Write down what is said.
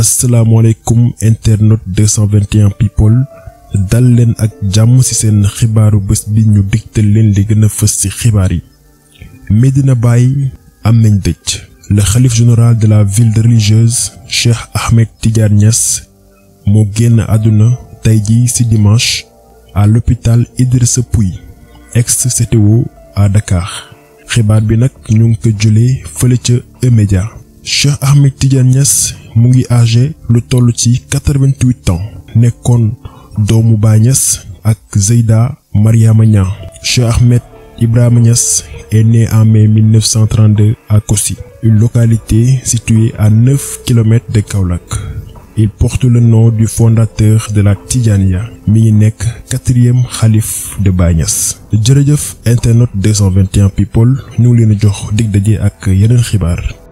asalaamaaleykum internet 221 people dal leen ak jàmm ci seen xibaaru bés bi ñu digtal leen li gën a fës ci xibaar yi Médina Baye am nañ dëj le xalif général de la ville religieuse Cheikh Ahmed Tidiane Niass moo génn àdduna tey ji ci dimanche à l'hôpital Idrissa Pouye ex-CTO à Dakar xibaar bi nag ñu ngi ko jëlee fële ca E-Média Ahmed Tidiane Niass mu ngi âgé lu toll ci 88 ans nekkoon doomu Baye ak Zeyda Mariama Niang Cheikh Ibrahima Niass est né en mai 1932 à Kossi, une localité située à 9 de Kaolack. Il porte le nom du fondateur de la Tidjania mi ngi nekk quatrième xalif de Baye Niass. jërëjëf internaute 221 people ñu ngi leen a jox dig daje ak yeneen xibaar.